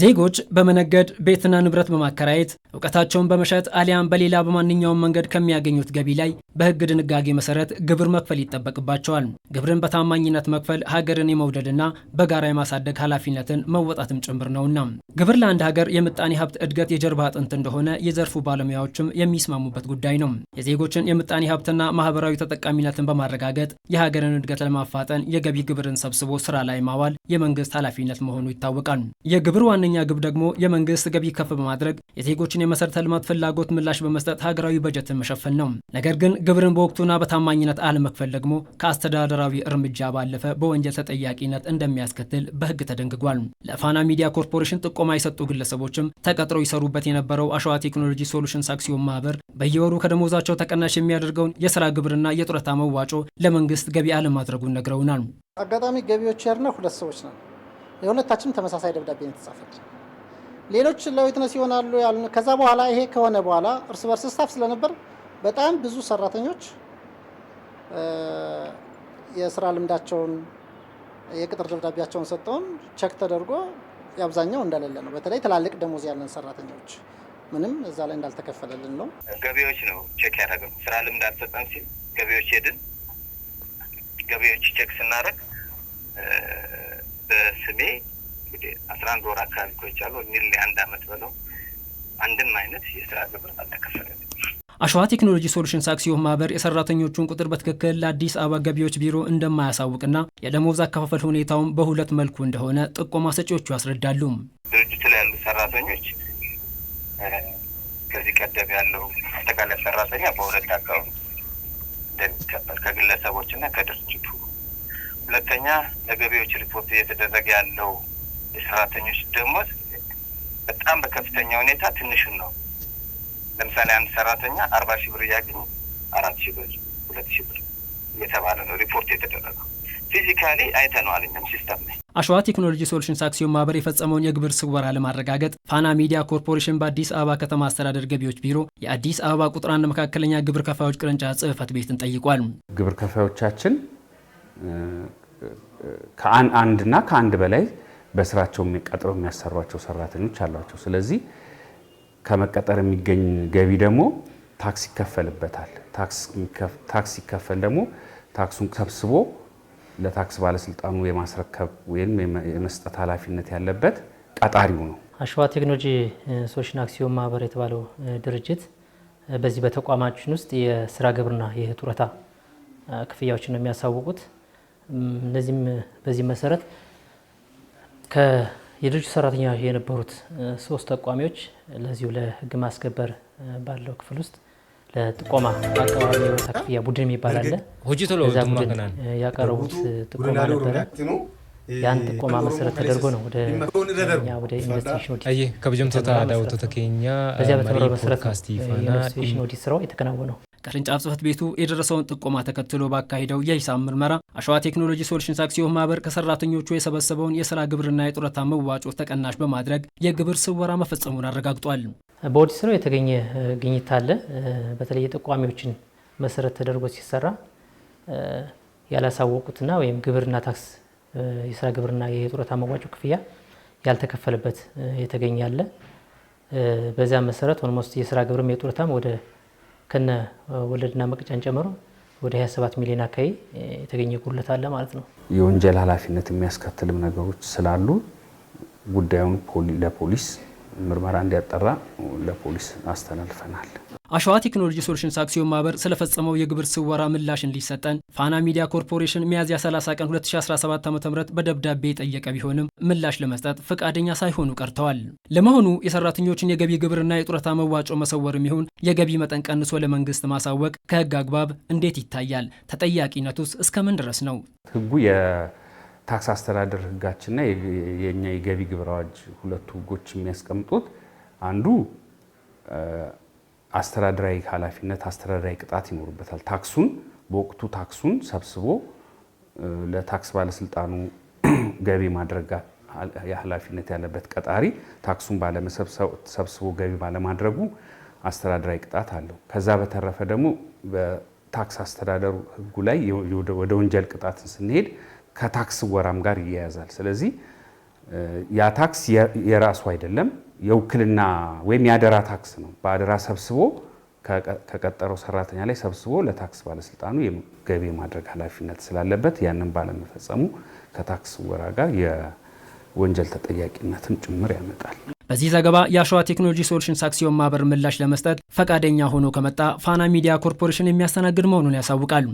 ዜጎች በመነገድ ቤትና ንብረት በማከራየት እውቀታቸውን በመሸጥ አሊያም በሌላ በማንኛውም መንገድ ከሚያገኙት ገቢ ላይ በሕግ ድንጋጌ መሰረት ግብር መክፈል ይጠበቅባቸዋል። ግብርን በታማኝነት መክፈል ሀገርን የመውደድና በጋራ የማሳደግ ኃላፊነትን መወጣትም ጭምር ነውና ግብር ለአንድ ሀገር የምጣኔ ሀብት እድገት የጀርባ አጥንት እንደሆነ የዘርፉ ባለሙያዎችም የሚስማሙበት ጉዳይ ነው። የዜጎችን የምጣኔ ሀብትና ማህበራዊ ተጠቃሚነትን በማረጋገጥ የሀገርን እድገት ለማፋጠን የገቢ ግብርን ሰብስቦ ስራ ላይ ማዋል የመንግስት ኃላፊነት መሆኑ ይታወቃል። የግብር ዋነኛ ግብ ደግሞ የመንግስት ገቢ ከፍ በማድረግ የዜጎችን የመሰረተ ልማት ፍላጎት ምላሽ በመስጠት ሀገራዊ በጀትን መሸፈን ነው። ነገር ግን ግብርን በወቅቱና በታማኝነት አለመክፈል ደግሞ ከአስተዳደራዊ እርምጃ ባለፈ በወንጀል ተጠያቂነት እንደሚያስከትል በህግ ተደንግጓል። ለፋና ሚዲያ ኮርፖሬሽን ጥቆማ የሰጡ ግለሰቦችም ተቀጥረው ይሰሩበት የነበረው አሸዋ ቴክኖሎጂ ሶሉሽንስ አክሲዮን ማህበር በየወሩ ከደሞዛቸው ተቀናሽ የሚያደርገውን የስራ ግብርና የጡረታ መዋጮ ለመንግስት ገቢ አለማድረጉን ነግረውናል። አጋጣሚ ገቢዎች ያርነ ሁለት ሰዎች ነው የሁለታችንም ተመሳሳይ ደብዳቤ ነው የተጻፈች። ሌሎች ለዊትነስ ይሆናሉ ያሉ። ከዛ በኋላ ይሄ ከሆነ በኋላ እርስ በርስ ስታፍ ስለነበር በጣም ብዙ ሰራተኞች የስራ ልምዳቸውን የቅጥር ደብዳቤያቸውን ሰጠውን ቸክ ተደርጎ የአብዛኛው እንደሌለ ነው። በተለይ ትላልቅ ደሞዝ ያለን ሰራተኞች ምንም እዛ ላይ እንዳልተከፈለልን ነው። ገቢዎች ነው ቸክ ያደረገው ስራ ልምድ አልሰጠን ሲል ገቢዎች ሄድን። ገቢዎች ቸክ ስናደርግ በስሜ እንግዲህ አስራ አንድ ወር አካባቢ ቆይቻለሁ። ላይ አንድ አመት በለው አንድም አይነት የስራ ግብር አልተከፈለልኝም። አሸዋ ቴክኖሎጂ ሶሉሽንስ አክሲዮን ማህበር የሰራተኞቹን ቁጥር በትክክል ለአዲስ አበባ ገቢዎች ቢሮ እንደማያሳውቅና የደሞዝ አከፋፈል ሁኔታውን በሁለት መልኩ እንደሆነ ጥቆማ ሰጪዎቹ ያስረዳሉ። ድርጅቱ ላይ ያሉ ሰራተኞች ከዚህ ቀደም ያለው አጠቃላይ ሰራተኛ በሁለት አካባቢ እንደሚከፈል ከግለሰቦችና ከድርጅ ሁለተኛ ለገቢዎች ሪፖርት እየተደረገ ያለው የሰራተኞች ደሞዝ በጣም በከፍተኛ ሁኔታ ትንሽን ነው። ለምሳሌ አንድ ሰራተኛ አርባ ሺህ ብር እያገኘ አራት ሺህ ብር፣ ሁለት ሺህ ብር እየተባለ ነው ሪፖርት የተደረገው። ፊዚካሊ አይተነዋል እኛም ሲስተም ነ አሸዋ ቴክኖሎጂ ሶሉሽንስ አክሲዮን ማህበር የፈጸመውን የግብር ስወራ ለማረጋገጥ ፋና ሚዲያ ኮርፖሬሽን በአዲስ አበባ ከተማ አስተዳደር ገቢዎች ቢሮ የአዲስ አበባ ቁጥር አንድ መካከለኛ ግብር ከፋዮች ቅርንጫፍ ጽህፈት ቤትን ጠይቋል። ግብር ከፋዮቻችን ከአንድ እና ከአንድ በላይ በስራቸው ቀጥረው የሚያሰሯቸው ሰራተኞች አሏቸው። ስለዚህ ከመቀጠር የሚገኝ ገቢ ደግሞ ታክስ ይከፈልበታል። ታክስ ሲከፈል ደግሞ ታክሱን ሰብስቦ ለታክስ ባለስልጣኑ የማስረከብ ወይም የመስጠት ኃላፊነት ያለበት ቀጣሪው ነው። አሸዋ ቴክኖሎጂ ሶሽን አክሲዮን ማህበር የተባለው ድርጅት በዚህ በተቋማችን ውስጥ የስራ ግብርና የጡረታ ክፍያዎችን ነው የሚያሳውቁት። እነዚህም በዚህ መሰረት የድርጅቱ ሰራተኛ የነበሩት ሶስት ተቋሚዎች ለዚሁ ለህግ ማስከበር ባለው ክፍል ውስጥ ለጥቆማ አቀባቢ የወታ ክፍያ ቡድን የሚባል አለ። እዛ ቡድን ያቀረቡት ጥቆማ ነበረ። ያን ጥቆማ መሰረት ተደርጎ ነው ወደ ኢንቨስቲጌሽን ኦዲት በዚያ በተመረ መሰረት ኢንቨስቲጌሽን ኦዲት ስራው የተከናወነው። ቅርንጫፍ ጽህፈት ቤቱ የደረሰውን ጥቆማ ተከትሎ ባካሄደው የሂሳብ ምርመራ አሸዋ ቴክኖሎጂ ሶሉሽንስ አክሲዮን ማህበር ከሰራተኞቹ የሰበሰበውን የስራ ግብርና የጡረታ መዋጮ ተቀናሽ በማድረግ የግብር ስወራ መፈጸሙን አረጋግጧል። በኦዲት ነው የተገኘ ግኝት አለ። በተለይ የጠቋሚዎችን መሰረት ተደርጎ ሲሰራ ያላሳወቁትና ወይም ግብርና ታክስ የስራ ግብርና የጡረታ መዋጮ ክፍያ ያልተከፈለበት የተገኘ አለ። በዚያ መሰረት ኦልሞስት የስራ ግብርም የጡረታም ወደ ከነ ወለድና መቅጫን ጨምሮ ወደ 27 ሚሊዮን አካባቢ የተገኘ ጉድለት አለ ማለት ነው። የወንጀል ኃላፊነት የሚያስከትልም ነገሮች ስላሉ ጉዳዩን ለፖሊስ ምርመራ እንዲያጠራ ለፖሊስ አስተላልፈናል። አሸዋ ቴክኖሎጂ ሶሉሽንስ አክሲዮን ማህበር ስለፈጸመው የግብር ስወራ ምላሽ እንዲሰጠን ፋና ሚዲያ ኮርፖሬሽን ሚያዝያ 30 ቀን 2017 ዓ ም በደብዳቤ የጠየቀ ቢሆንም ምላሽ ለመስጠት ፈቃደኛ ሳይሆኑ ቀርተዋል። ለመሆኑ የሰራተኞችን የገቢ ግብርና የጡረታ መዋጮ መሰወርም ይሁን የገቢ መጠን ቀንሶ ለመንግስት ማሳወቅ ከህግ አግባብ እንዴት ይታያል? ተጠያቂነቱስ እስከምን ድረስ ነው? ህጉ የታክስ አስተዳደር ህጋችንና የእኛ የገቢ ግብር አዋጅ ሁለቱ ህጎች የሚያስቀምጡት አንዱ አስተዳደራዊ ኃላፊነት፣ አስተዳደራዊ ቅጣት ይኖርበታል። ታክሱን በወቅቱ ታክሱን ሰብስቦ ለታክስ ባለስልጣኑ ገቢ ማድረግ ኃላፊነት ያለበት ቀጣሪ ታክሱን ሰብስቦ ገቢ ባለማድረጉ አስተዳደራዊ ቅጣት አለው። ከዛ በተረፈ ደግሞ በታክስ አስተዳደሩ ሕጉ ላይ ወደ ወንጀል ቅጣትን ስንሄድ ከታክስ ወራም ጋር ይያያዛል። ስለዚህ ያ ታክስ የራሱ አይደለም የውክልና ወይም የአደራ ታክስ ነው። በአደራ ሰብስቦ ከቀጠረው ሰራተኛ ላይ ሰብስቦ ለታክስ ባለስልጣኑ ገቢ ማድረግ ኃላፊነት ስላለበት ያንን ባለመፈጸሙ ከታክስ ወራ ጋር የወንጀል ተጠያቂነትም ጭምር ያመጣል። በዚህ ዘገባ የአሸዋ ቴክኖሎጂ ሶሉሽንስ አክሲዮን ማህበር ምላሽ ለመስጠት ፈቃደኛ ሆኖ ከመጣ ፋና ሚዲያ ኮርፖሬሽን የሚያስተናግድ መሆኑን ያሳውቃል።